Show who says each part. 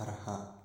Speaker 1: harha.